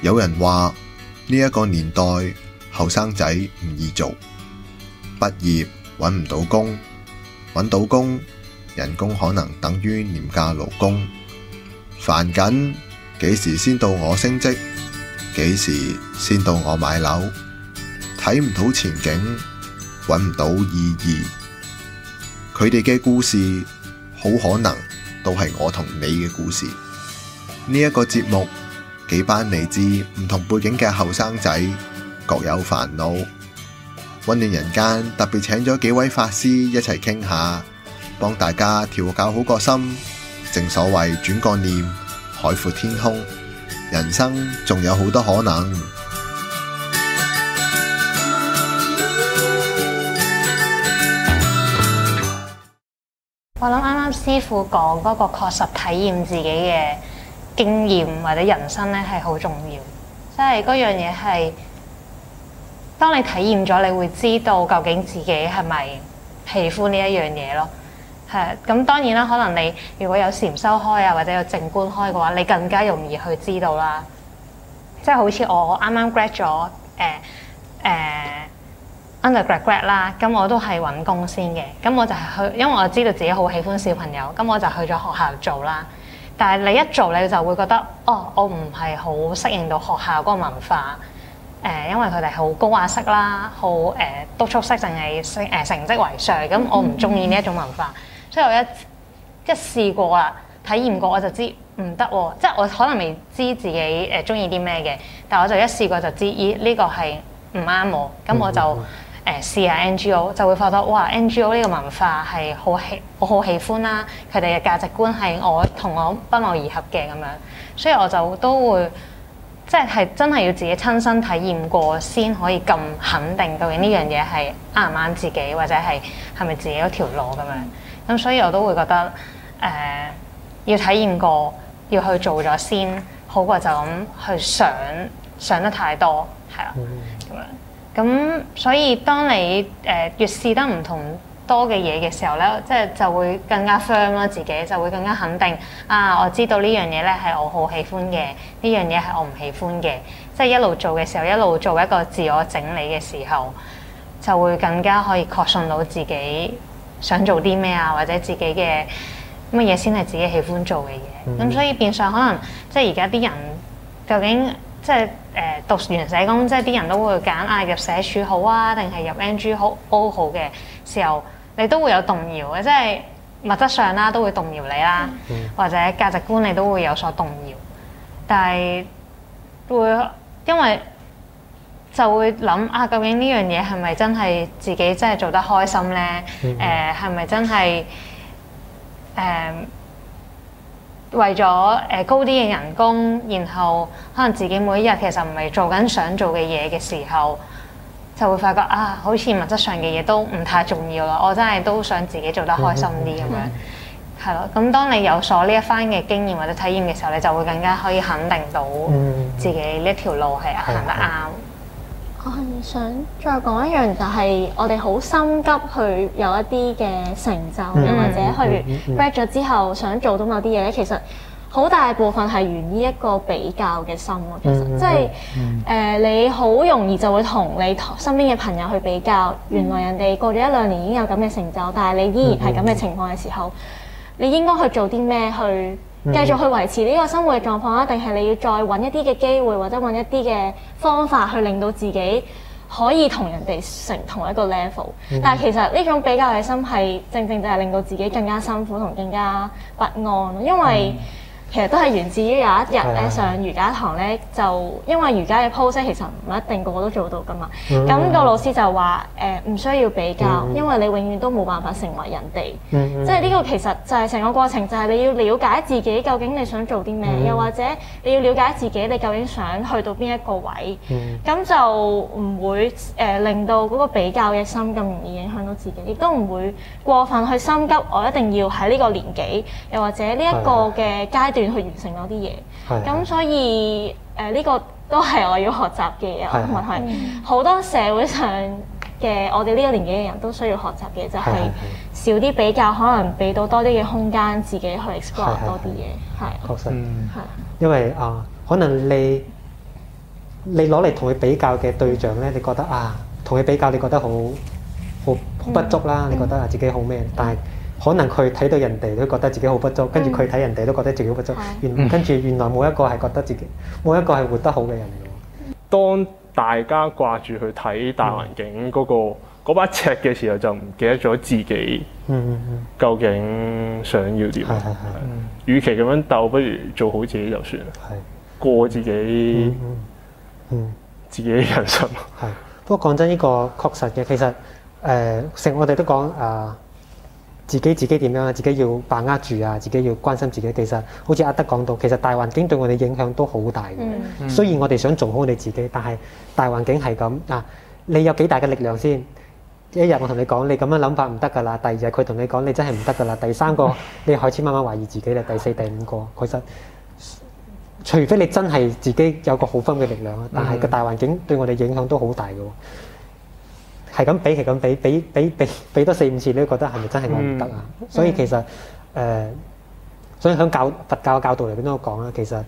有人話呢一個年代後生仔唔易做，畢業揾唔到工，揾到工人工可能等於廉價勞工，煩緊幾時先到我升職，幾時先到我買樓，睇唔到前景，揾唔到意義，佢哋嘅故事好可能都係我同你嘅故事，呢一個節目。幾班嚟自唔同背景嘅後生仔各有煩惱，溫暖人間特別請咗幾位法師一齊傾下，幫大家調教好個心。正所謂轉個念，海闊天空，人生仲有好多可能。我諗啱啱師傅講嗰個確實體驗自己嘅。經驗或者人生咧係好重要，即係嗰樣嘢係，當你體驗咗，你會知道究竟自己係咪喜歡呢一樣嘢咯。係，咁當然啦，可能你如果有禪修開啊，或者有靜觀開嘅話，你更加容易去知道啦。即係好似我啱啱 grad 咗誒、呃呃、undergraduate 啦，咁我都係揾工先嘅，咁我就係去，因為我知道自己好喜歡小朋友，咁我就去咗學校做啦。但係你一做你就會覺得，哦，我唔係好適應到學校嗰個文化，誒、呃，因為佢哋好高壓式啦，好誒督促式，淨係誒成績、呃、為上，咁我唔中意呢一種文化，嗯、所以我一一試過啦，體驗過我就知唔得喎，即係我可能未知自己誒中意啲咩嘅，但係我就一試過就知依呢、這個係唔啱我，咁我就。嗯誒試下 NGO 就會發覺哇 NGO 呢個文化係好喜，我好喜歡啦、啊，佢哋嘅價值觀係我同我不謀而合嘅咁樣，所以我就都會即係真係要自己親身體驗過先可以咁肯定，究竟呢樣嘢係啱唔啱自己，或者係係咪自己嗰條路咁樣。咁所以我都會覺得誒、呃、要體驗過，要去做咗先好過就咁去想想得太多係啦咁樣。咁所以當你誒越、呃、試得唔同多嘅嘢嘅時候咧，即、就、係、是、就會更加 firm 啦，自己就會更加肯定。啊，我知道呢樣嘢咧係我好喜歡嘅，呢樣嘢係我唔喜歡嘅。即、就、係、是、一路做嘅時候，一路做一個自我整理嘅時候，就會更加可以確信到自己想做啲咩啊，或者自己嘅乜嘢先係自己喜歡做嘅嘢。咁、嗯、所以變相可能即係而家啲人究竟即係誒讀完社工，即係啲人都會揀啊入社署好啊，定係入 NG 好 O 好嘅時候，你都會有動搖嘅。即係物質上啦、啊，都會動搖你啦、啊，嗯、或者價值觀你都會有所動搖。但係會因為就會諗啊，究竟呢樣嘢係咪真係自己真係做得開心呢？誒係咪真係誒？呃為咗誒高啲嘅人工，然後可能自己每一日其實唔係做緊想做嘅嘢嘅時候，就會發覺啊，好似物質上嘅嘢都唔太重要啦。我真係都想自己做得開心啲咁樣，係咯。咁當你有所呢一番嘅經驗或者體驗嘅時候，你就會更加可以肯定到自己呢條路係行得啱。嗯嗯嗯嗯。我係想再講一樣，就係、是、我哋好心急去有一啲嘅成就，嗯、或者去 break 咗、嗯嗯、之後想做到某啲嘢咧，其實好大部分係源於一個比較嘅心咯。其實即係誒，你好容易就會同你身邊嘅朋友去比較，嗯、原來人哋過咗一兩年已經有咁嘅成就，但係你依然係咁嘅情況嘅時候，嗯嗯嗯、你應該去做啲咩去？Mm hmm. 繼續去維持呢個生活嘅狀況啦，定係你要再揾一啲嘅機會，或者揾一啲嘅方法去令到自己可以同人哋成同一個 level、mm。Hmm. 但係其實呢種比較嘅心係正正就係令到自己更加辛苦同更加不安，因為、mm。Hmm. 其實都係源自於有一日咧上瑜伽堂咧，就因為瑜伽嘅 pose 其實唔一定個個都做到噶嘛。咁、嗯、個老師就話：誒、呃、唔需要比較，嗯、因為你永遠都冇辦法成為人哋。即係呢個其實就係成個過程，就係、是、你要了解自己究竟你想做啲咩，嗯、又或者你要了解自己你究竟想去到邊一個位。咁、嗯、就唔會誒、呃、令到嗰個比較嘅心咁容易影響到自己，亦都唔會過分去心急，我一定要喺呢個年紀，又或者呢一個嘅階段、嗯。去完成嗰啲嘢，咁的所以誒呢、呃這個都係我要學習嘅嘢，或者好多社會上嘅我哋呢個年紀嘅人都需要學習嘅，就係、是、少啲比較，可能俾到多啲嘅空間自己去 explore 多啲嘢，係的。的確實，係的、嗯、因為啊、呃，可能你你攞嚟同佢比較嘅對象呢，你覺得啊，同佢比較你覺得好好，好不足啦，嗯、你覺得啊自己好咩？但係。可能佢睇到人哋都覺得自己好不足，跟住佢睇人哋都覺得自己好不足。原跟住原來冇一個係覺得自己冇一個係活得好嘅人嘅。當大家掛住去睇大環境嗰個嗰把尺嘅時候，就唔記得咗自己究竟想要點。係與其咁樣鬥，不如做好自己就算。係過自己，自己人生。係不過講真，呢個確實嘅。其實誒，成我哋都講啊。自己自己點樣啊？自己要把握住啊！自己要關心自己。其實好似阿德講到，其實大環境對我哋影響都好大嘅。嗯嗯、雖然我哋想做好我哋自己，但係大環境係咁啊！你有幾大嘅力量先？一日我同你講，你咁樣諗法唔得㗎啦。第二日佢同你講，你真係唔得㗎啦。第三個你開始慢慢懷疑自己啦。第四、第五個，其實除非你真係自己有個好硬嘅力量啊，但係個大環境對我哋影響都好大嘅。係咁俾，係咁俾，俾俾俾俾多四五次，你都覺得係咪真係我唔得啊？嗯、所以其實誒、呃，所以喺教佛教嘅教導裏邊都講啦，其實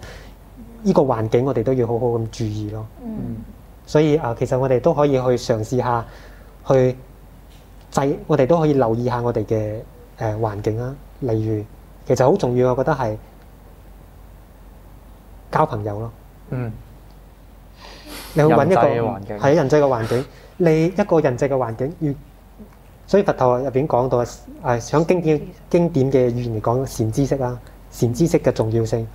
依個環境我哋都要好好咁注意咯。嗯，所以啊、呃，其實我哋都可以去嘗試下去制，我哋都可以留意下我哋嘅誒環境啊。例如，其實好重要，我覺得係交朋友咯。嗯，你去揾一個係人際嘅環境。 你一個人際嘅環境，越，所以佛陀入邊講到啊，誒，喺經典經典嘅語言嚟講，善知識啦、啊，善知識嘅重要性，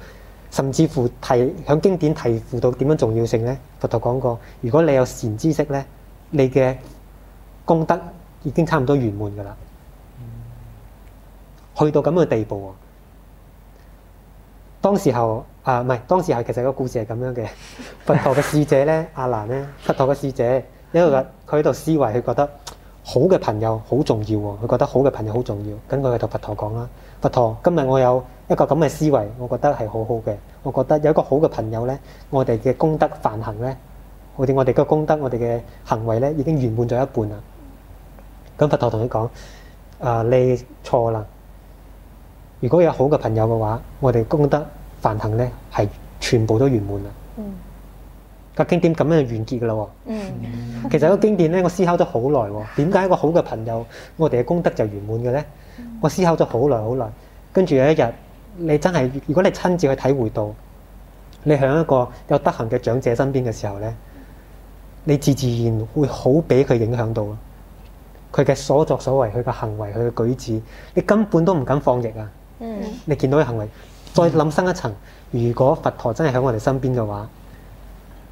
甚至乎提喺經典提輔到點樣重要性咧？佛陀講過，如果你有善知識咧，你嘅功德已經差唔多圓滿噶啦，去到咁嘅地步、啊。當時候啊，唔係，當時候其實個故事係咁樣嘅，佛陀嘅侍者咧， 阿難咧，佛陀嘅侍者。呢度佢喺度思維，佢覺得好嘅朋友好重要喎。佢覺得好嘅朋友好重要。咁佢就同佛陀講啦：佛陀，今日我有一個咁嘅思維，我覺得係好好嘅。我覺得有一個好嘅朋友咧，我哋嘅功德梵行咧，好似我哋嘅功德，我哋嘅行為咧，已經圓滿咗一半啦。咁佛陀同佢講：啊，你錯啦！如果有好嘅朋友嘅話，我哋功德梵行咧，係全部都圓滿啦。經哦、個經典咁樣就完結㗎啦喎。其實個經典咧，我思考咗好耐喎。點解一個好嘅朋友，我哋嘅功德就圓滿嘅咧？我思考咗好耐好耐，跟住有一日，你真係如果你親自去體會到，你喺一個有德行嘅長者身邊嘅時候咧，你自自然會好俾佢影響到。佢嘅所作所為，佢嘅行為，佢嘅舉止，你根本都唔敢放逸啊。你見到佢行為，再諗深一層，如果佛陀真係喺我哋身邊嘅話。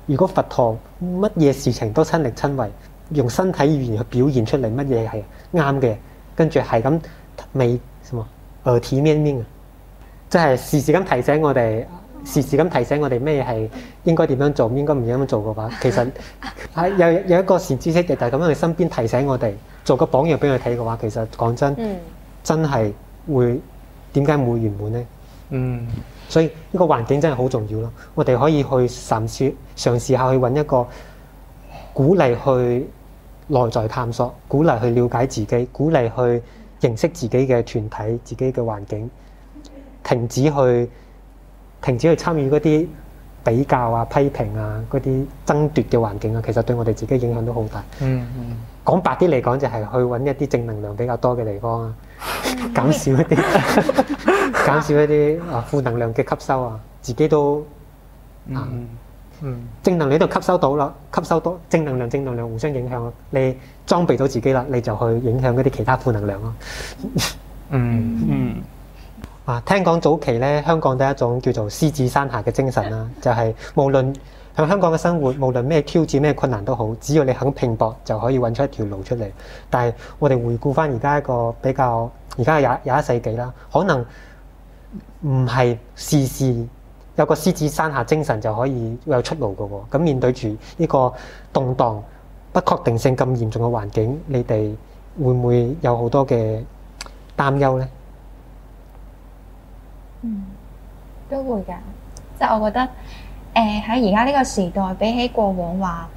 如果佛陀乜嘢事情都親力親為，用身體語言去表現出嚟，乜嘢係啱嘅，跟住係咁未什麼？耳、呃、貼面面嘅，即、就、係、是、時時咁提醒我哋，時時咁提醒我哋咩係應該點樣做，應該唔應咁做嘅話，其實係有有一個善知識嘅，就係咁喺身邊提醒我哋，做個榜樣俾佢睇嘅話，其實講真，真係會點解冇圓滿呢？嗯。所以呢個環境真係好重要咯，我哋可以去嘗試嘗試下去揾一個鼓勵去內在探索，鼓勵去了解自己，鼓勵去認識自己嘅團體、自己嘅環境，停止去停止去參與嗰啲比較啊、批評啊、嗰啲爭奪嘅環境啊，其實對我哋自己影響都好大。嗯嗯，講、嗯、白啲嚟講就係、是、去揾一啲正能量比較多嘅地方啊，減少、嗯、 一啲。 減少一啲啊負能量嘅吸收啊，自己都、啊、嗯嗯正能量都吸收到啦，吸收到正能量，正能量互相影響，你裝備到自己啦，你就去影響嗰啲其他負能量咯、啊 嗯。嗯嗯啊，聽講早期咧香港有一種叫做獅子山下嘅精神啦、啊，就係、是、無論喺香港嘅生活，無論咩挑戰、咩困難都好，只要你肯拼搏，就可以揾出一條路出嚟。但係我哋回顧返而家一個比較而家廿廿一世紀啦，可能。唔係事事有個獅子山下精神就可以有出路嘅喎。咁面對住呢個動盪、不確定性咁嚴重嘅環境，你哋會唔會有好多嘅擔憂呢？嗯，都會嘅。即係我覺得，誒喺而家呢個時代，比起過往話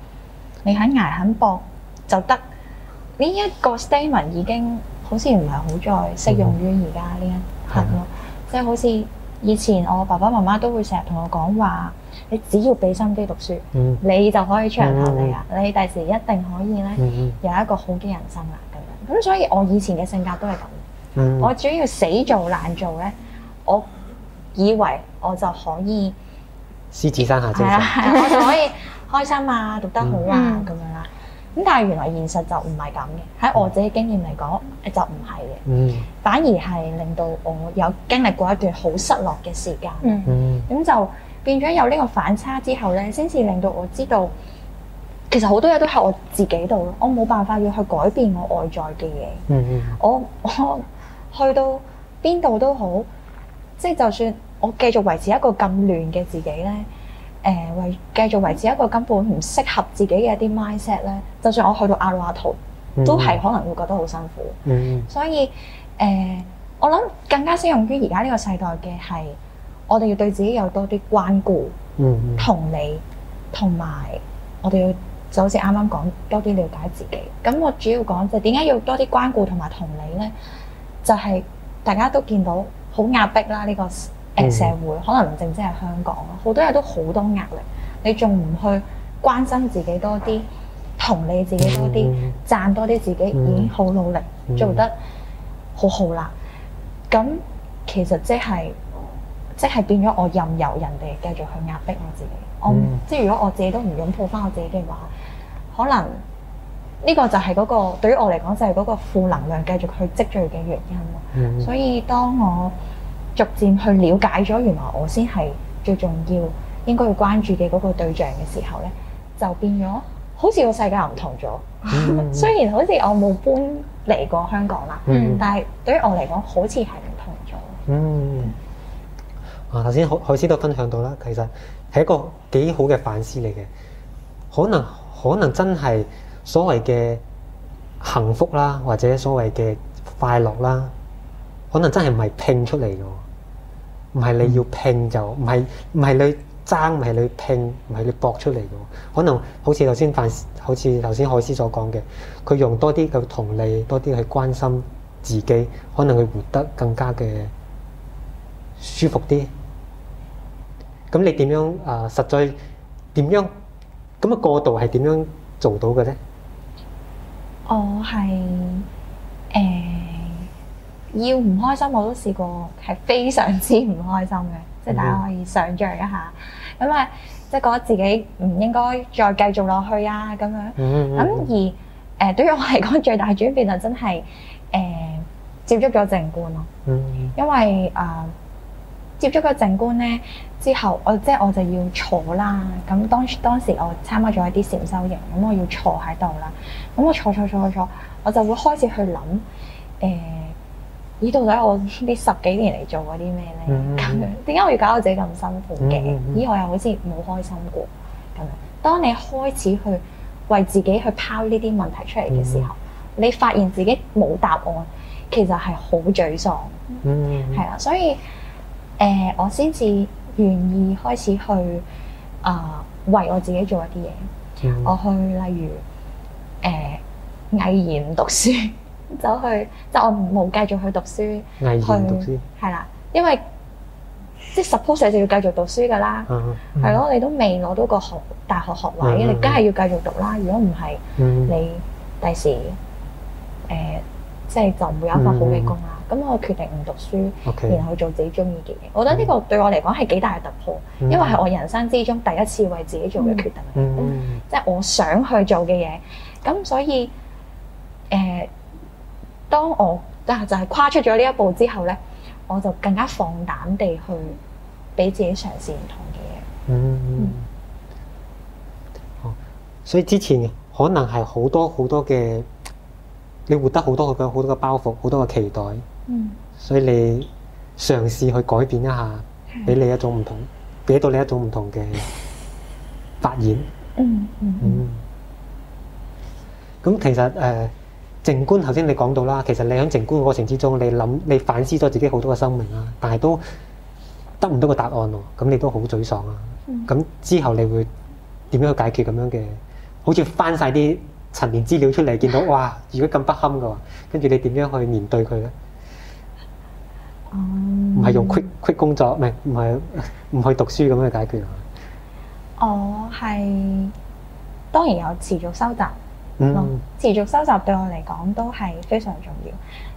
你肯捱肯搏就得，呢一個 statement 已經好似唔係好再適用於而家呢一刻咯。嗯即係好似以前，我爸爸媽媽都會成日同我講話，你只要俾心機讀書，嗯、你就可以出人頭地啊！嗯、你第時一定可以咧有一個好嘅人生啦，咁樣，咁，所以我以前嘅性格都係咁。嗯、我主要死做難做咧，我以為我就可以獅子山下、係啊係啊，我就可以開心啊，嗯、讀得好啊，咁、嗯、樣。咁但係原來現實就唔係咁嘅，喺我自己經驗嚟講，嗯、就唔係嘅。嗯，反而係令到我有經歷過一段好失落嘅時間。嗯，咁就變咗有呢個反差之後咧，先至令到我知道，其實好多嘢都喺我自己度咯。我冇辦法要去改變我外在嘅嘢。嗯嗯，我我去到邊度都好，即係就算我繼續維持一個咁亂嘅自己咧。誒維繼續維持一個根本唔適合自己嘅一啲 mindset 咧，就算我去到阿羅阿圖，mm hmm. 都係可能會覺得好辛苦。Mm hmm. 所以誒、呃，我諗更加適用於而家呢個世代嘅係，我哋要對自己有多啲關顧、mm hmm.、同理，同埋我哋要就好似啱啱講多啲了解自己。咁我主要講就係點解要多啲關顧同埋同理咧？就係、是、大家都見到好壓迫啦，呢、這個。誒社會可能唔淨止係香港，好多嘢都好多壓力，你仲唔去關心自己多啲，同你自己多啲，讚多啲自己已經好努力、嗯、做得好好啦。咁其實即係即係變咗我任由人哋繼續去壓迫我自己。我、嗯、即係如果我自己都唔擁抱翻我自己嘅話，可能呢個就係嗰、嗰個對於我嚟講就係嗰個負能量繼續去積聚嘅原因。嗯、所以當我逐漸去了解咗，原來我先係最重要應該要關注嘅嗰個對象嘅時候咧，就變咗好似個世界唔同咗。 雖然好似我冇搬嚟過香港啦，嗯、但係對於我嚟講，好似係唔同咗、嗯嗯。嗯。啊，頭先海海師都分享到啦，其實係一個幾好嘅反思嚟嘅。可能可能真係所謂嘅幸福啦，或者所謂嘅快樂啦，可能真係唔係拼出嚟㗎。唔係你要拼就，唔係唔係你爭，唔係你拼，唔係你搏出嚟嘅。可能好似頭先凡，好似頭先海絲所講嘅，佢用多啲嘅同理，多啲去關心自己，可能佢活得更加嘅舒服啲。咁你點樣啊？實在點樣咁啊？過渡係點樣做到嘅咧？我，係誒。要唔開心我都試過，係非常之唔開心嘅，即係大家可以想像一下咁啊，即係覺得自己唔應該再繼續落去啊，咁樣咁而誒、呃，對於我嚟講最大轉變就真係誒、呃、接觸咗靜觀咯，mm hmm. 因為誒、呃、接觸咗靜觀咧之後，我即係我就要坐啦。咁當當時我參加咗一啲禪修營，咁我要坐喺度啦，咁我坐坐坐坐，我就會開始去諗誒。呃咦，到底我呢十幾年嚟做過啲咩呢？咁樣點解我要搞到自己咁辛苦嘅？咦、mm，hmm. 我又好似冇開心過咁樣。當你開始去為自己去拋呢啲問題出嚟嘅時候，mm hmm. 你發現自己冇答案，其實係好沮喪，係啦、mm hmm. 所以誒、呃，我先至願意開始去啊、呃，為我自己做一啲嘢。Mm hmm. 我去例如誒、呃、毅然讀書。走去就我冇繼續去讀書，去，研係啦，因為即係 suppose 就要繼續讀書㗎啦，係咯。你都未攞到個學大學學位，你梗係要繼續讀啦。如果唔係，你第時誒即係就唔會有一份好嘅工啦。咁我決定唔讀書，然後做自己鍾意嘅嘢。我覺得呢個對我嚟講係幾大嘅突破，因為係我人生之中第一次為自己做嘅決定，即係我想去做嘅嘢。咁所以誒。當我但係就係跨出咗呢一步之後咧，我就更加放膽地去俾自己嘗試唔同嘅嘢。嗯，哦，所以之前可能係好多好多嘅，你活得好多好多好多嘅包袱，好多嘅期待。嗯，所以你嘗試去改變一下，俾你一種唔同，俾到你一種唔同嘅發現。嗯嗯，咁其實誒。靜觀，頭先你講到啦，其實你喺靜觀嘅過程之中，你諗你反思咗自己好多嘅生命啦，但係都得唔到個答案喎，咁你都好沮喪啊。咁、嗯、之後你會點樣去解決咁樣嘅？好似翻晒啲陳年資料出嚟，見到哇，如果咁不堪嘅話，跟住你點樣去面對佢咧？哦、嗯，唔係用 quick quick 工作，唔係唔係唔去讀書咁去解決。我係當然有持續收集。嗯，mm hmm. 持續收集對我嚟講都係非常重要。誒、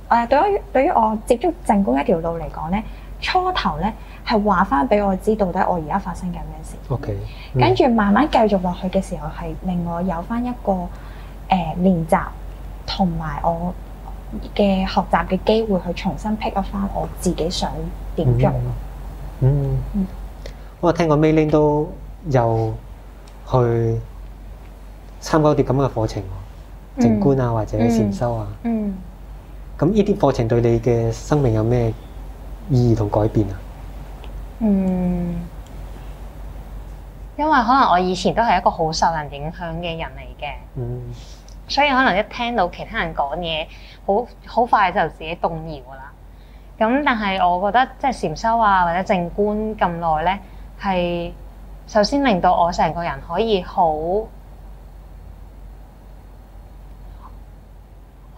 呃，對於對於我接觸正觀一條路嚟講咧，初頭咧係話翻俾我知到底我而家發生緊咩事。O、okay. K，、mm hmm. 跟住慢慢繼續落去嘅時候，係令我有翻一個誒練習同埋我嘅學習嘅機會去重新 pick up 翻我自己想點做。Mm hmm. mm hmm. 嗯，我聽過 Mailing 都有去。參加啲咁嘅課程，靜觀啊，或者禪修啊，嗯，咁呢啲課程對你嘅生命有咩意義同改變啊？嗯，因為可能我以前都係一個好受人影響嘅人嚟嘅，嗯，所以可能一聽到其他人講嘢，好好快就自己動搖啦。咁但係我覺得即係禪修啊，或者靜觀咁耐咧，係首先令到我成個人可以好。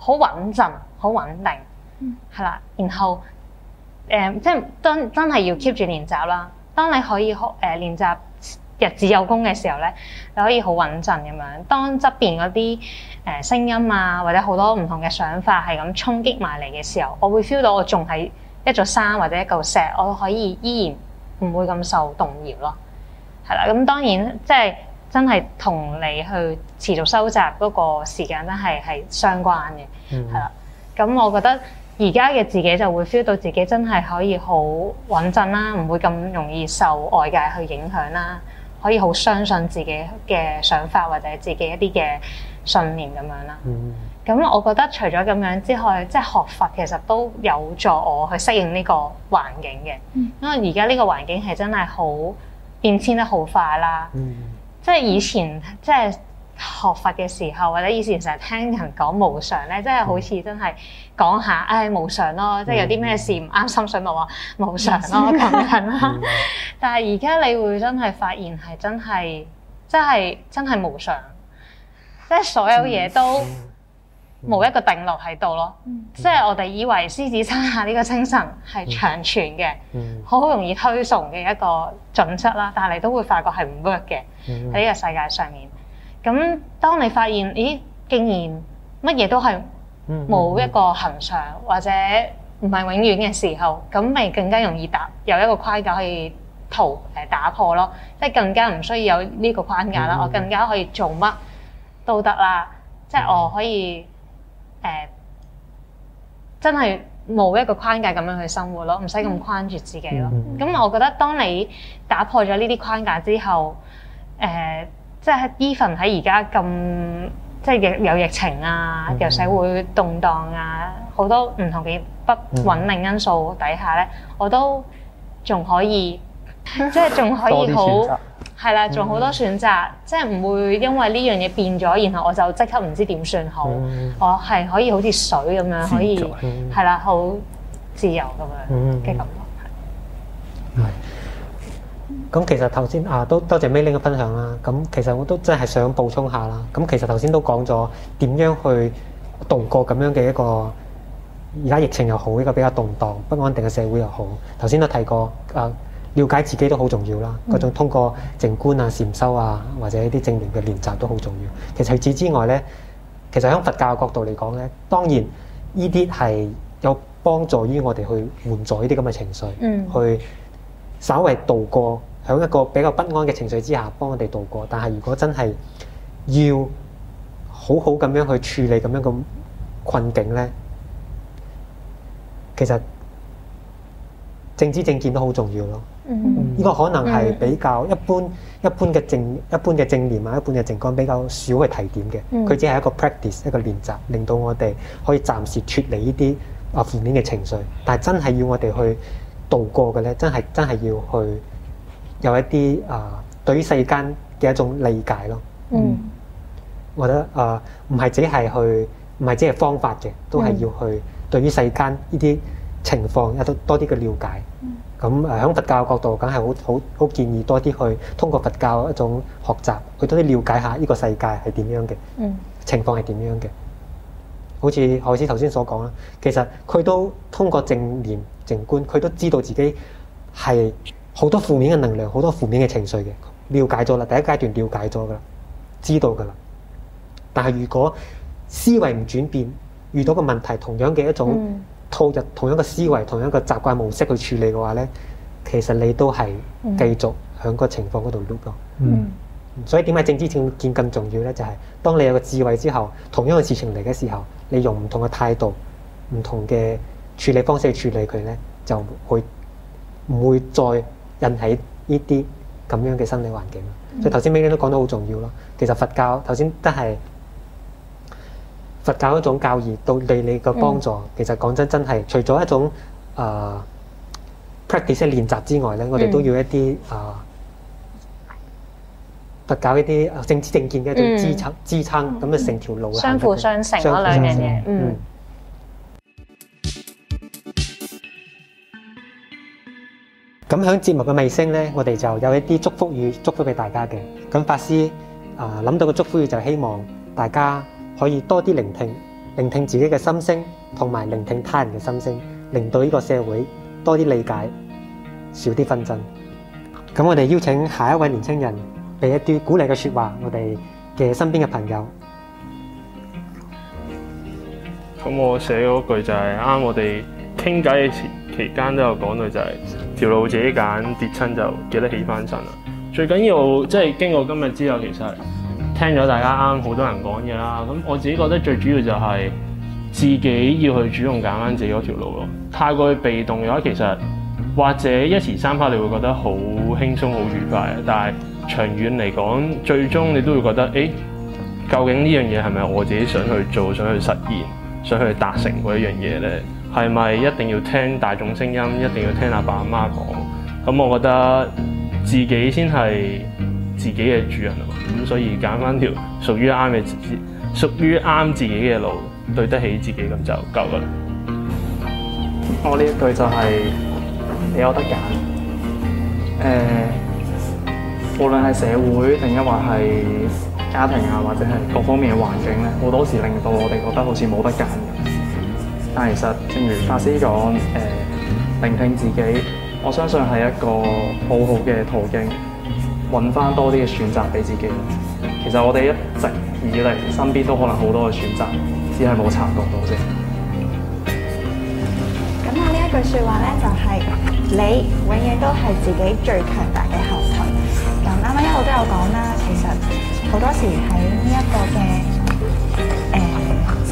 好穩陣，好穩定，係啦。然後誒、呃，即係真真係要 keep 住練習啦。當你可以學誒練習日子有功嘅時候咧，你可以好穩陣咁樣。當側邊嗰啲誒聲音啊，或者好多唔同嘅想法係咁衝擊埋嚟嘅時候，我會 feel 到我仲係一座山或者一嚿石，我可以依然唔會咁受動搖咯。係啦，咁、嗯、當然即係。真係同你去持續收集嗰個時間咧，係係相關嘅，係啦、mm。咁、hmm. 我覺得而家嘅自己就會 feel 到自己真係可以好穩陣啦，唔會咁容易受外界去影響啦，可以好相信自己嘅想法或者自己一啲嘅信念咁樣啦。咁、mm hmm. 我覺得除咗咁樣之外，即係學佛其實都有助我去適應呢個環境嘅，mm hmm. 因為而家呢個環境係真係好變遷得好快啦。Mm hmm. 即係以前即係學佛嘅時候，或者以前成日聽人講無常咧，即係好似真係講下唉、哎，無常咯，嗯、即係有啲咩事唔啱心水咪話啊，無常咯咁、嗯、樣啦。嗯、但係而家你會真係發現係真係，真係真係無常，即係所有嘢都。冇一個定律喺度咯，嗯、即係我哋以為獅子山下呢個精神係長存嘅，好好、嗯、容易推崇嘅一個準則啦。但你都會發覺係唔 work 嘅喺呢個世界上面。咁當你發現咦，竟然乜嘢都係冇一個恒常、嗯嗯、或者唔係永遠嘅時候，咁咪更加容易達有一個框架可以逃誒打破咯，即係更加唔需要有呢個框架啦。嗯嗯、我更加可以做乜都得啦，即係我可以。誒、啊、真係冇一個框架咁樣去生活咯，唔使咁框住自己咯。咁 我覺得當你打破咗呢啲框架之後，誒、啊、即係 even 喺而家咁即係有疫情啊，有社會動盪啊，好 多唔同嘅不穩定因素底下咧，我都仲可以即係仲可以好。係啦，仲好多選擇，嗯、即係唔會因為呢樣嘢變咗，然後我就即刻唔知點算好。嗯、我係可以好似水咁樣，會可以係啦，好、嗯、自由咁樣嘅、嗯嗯、感覺。係、嗯。咁其實頭先啊，都多謝 Milly 嘅分享啦。咁其實我都真係想補充下啦。咁其實頭先都講咗點樣去度過咁樣嘅一個而家疫情又好，一個比較動盪不安定嘅社會又好。頭先都提過啊。了解自己都好重要啦，嗰、嗯、種通過靜觀啊、禪修啊，或者一啲正念嘅練習都好重要。其實除此之外咧，其實喺佛教角度嚟講咧，當然呢啲係有幫助於我哋去緩解呢啲咁嘅情緒，嗯、去稍微度過響一個比較不安嘅情緒之下幫我哋度過。但係如果真係要好好咁樣去處理咁樣嘅困境咧，其實正知正見都好重要咯。呢個、嗯、可能係比較、嗯、一般一般嘅正一般嘅正念啊，一般嘅正觀比較少嘅提點嘅，佢只係一個 practice 一個練習，令到我哋可以暫時脫離呢啲啊負面嘅情緒。但係真係要我哋去度過嘅咧，真係真係要去有一啲啊、呃、對於世間嘅一種理解咯。嗯，我覺得啊唔係只係去唔係只係方法嘅，都係要去對於世間呢啲情況有多多啲嘅了解。嗯咁誒，喺佛教角度，梗係好好建議多啲去通過佛教一種學習，去多啲了解下呢個世界係點樣嘅，情況係點樣嘅。好似海師頭先所講啦，其實佢都通過正念靜觀，佢都知道自己係好多負面嘅能量，好多負面嘅情緒嘅，了解咗啦，第一階段了解咗噶啦，知道噶啦。但係如果思維唔轉變，遇到個問題，同樣嘅一種。嗯套入同一個思維、同一個習慣模式去處理嘅話呢，其實你都係繼續響個情況嗰度碌咯。嗯、mm。Hmm. 所以點解正知正見更重要呢？就係、是、當你有個智慧之後，同樣嘅事情嚟嘅時候，你用唔同嘅態度、唔同嘅處理方式去處理佢呢，就會唔會再引起呢啲咁樣嘅心理環境。所以頭先 May 都講得好重要咯。其實佛教頭先都係。佛教一種教義對你嘅幫助，其實講真真係除咗一種啊 practice 練習之外咧，我哋都要一啲啊佛教一啲正知正見嘅一種支撐，支撐，咁啊成條路相輔相成嗰兩樣嘢。嗯。咁喺節目嘅尾聲咧，我哋就有一啲祝福語祝福俾大家嘅。咁法師啊，諗到嘅祝福語就希望大家。可以多啲聆聽，聆聽自己嘅心聲，同埋聆聽他人嘅心聲，令到呢個社會多啲理解，少啲紛爭。咁我哋邀請下一位年青人，俾一啲鼓勵嘅說話，我哋嘅身邊嘅朋友。咁我寫嗰句就係、是、啱，啱啱我哋傾偈嘅期間都有講到，就是，就係條路自己揀，跌親就記得起翻身啦。最緊要即係、就是、經過今日之後，其實聽咗大家啱好多人講嘢啦，咁我自己覺得最主要就係自己要去主動揀翻自己嗰條路咯。太過去被動嘅話，其實或者一時三刻你會覺得好輕鬆、好愉快，但係長遠嚟講，最終你都會覺得，誒究竟呢樣嘢係咪我自己想去做、想去實現、想去達成嗰一樣嘢呢？係咪一定要聽大眾聲音，一定要聽阿爸阿媽講？咁我覺得自己先係。自己嘅主人啊嘛，咁所以揀翻條屬於啱嘅，屬於啱自己嘅路，對得起自己咁就夠啦。我呢一句就係、是、你有得揀。誒、呃，無論係社會定抑或係家庭啊，或者係各方面嘅環境咧，好多時令到我哋覺得好似冇得揀。但係其實正如法師講，誒、呃，聆聽自己，我相信係一個好好嘅途徑。揾翻多啲嘅選擇俾自己。其實我哋一直以嚟身邊都可能好多嘅選擇，只係冇察覺到啫。咁啊，呢一句説話咧就係、是、你永遠都係自己最強大嘅後盾。咁啱啱一路都有講啦，其實好多時喺呢一個嘅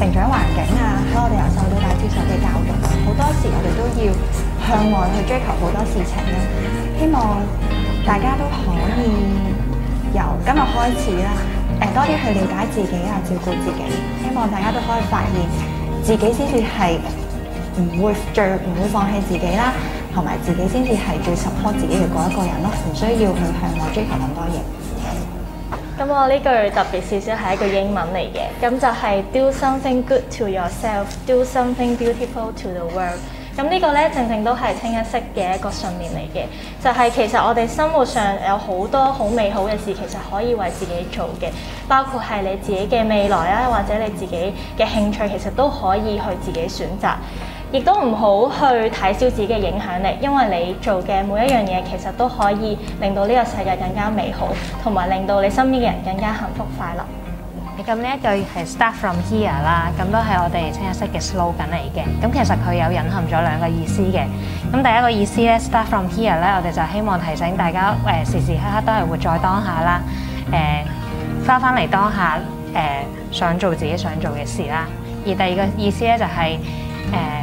誒成長環境啊，喺我哋由細到大接受嘅教育啊，好多時我哋都要向外去追求好多事情咧，希望。大家都可以由今日開始啦，誒多啲去了解自己啊，照顧自己。希望大家都可以發現自己先至係唔會最唔會放棄自己啦，同埋自己先至係最 support 自己嘅嗰一個人咯，唔需要去向我追求咁多嘢。咁我呢句特別少少係一句英文嚟嘅，咁就係 Do something good to yourself, do something beautiful to the world。咁呢個咧，正正都係清一色嘅一個信念嚟嘅，就係、是、其實我哋生活上有好多好美好嘅事，其實可以為自己做嘅，包括係你自己嘅未來啊，或者你自己嘅興趣，其實都可以去自己選擇，亦都唔好去睇小自己嘅影響力，因為你做嘅每一樣嘢，其實都可以令到呢個世界更加美好，同埋令到你身邊嘅人更加幸福快樂。咁呢一句係 Start from here 啦，咁都係我哋清一色嘅 slogan 嚟嘅。咁其實佢有隱含咗兩個意思嘅。咁第一個意思咧，Start from here 咧，我哋就希望提醒大家誒、呃、時時刻刻都係活在當下啦，誒翻返嚟當下誒、呃、想做自己想做嘅事啦。而第二個意思咧就係、是、誒。呃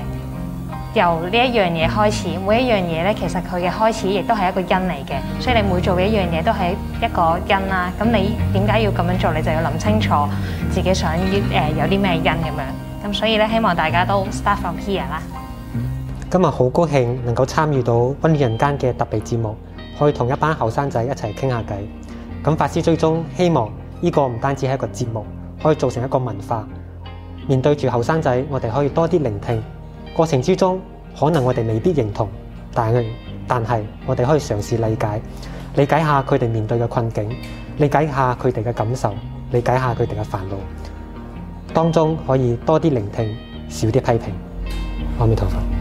由呢一樣嘢開始，每一樣嘢咧，其實佢嘅開始亦都係一個因嚟嘅。所以你每做一樣嘢都係一個因啦。咁你點解要咁樣做？你就要諗清楚自己想要誒有啲咩因咁樣。咁所以咧，希望大家都 start from here 啦。今日好高興能夠參與到《温暖人間》嘅特別節目，可以同一班後生仔一齊傾下偈。咁法師最終希望呢個唔單止係一個節目，可以做成一個文化。面對住後生仔，我哋可以多啲聆聽。過程之中，可能我哋未必認同，但係但係我哋可以嘗試理解，理解下佢哋面對嘅困境，理解下佢哋嘅感受，理解下佢哋嘅煩惱，當中可以多啲聆聽，少啲批評。阿彌陀佛。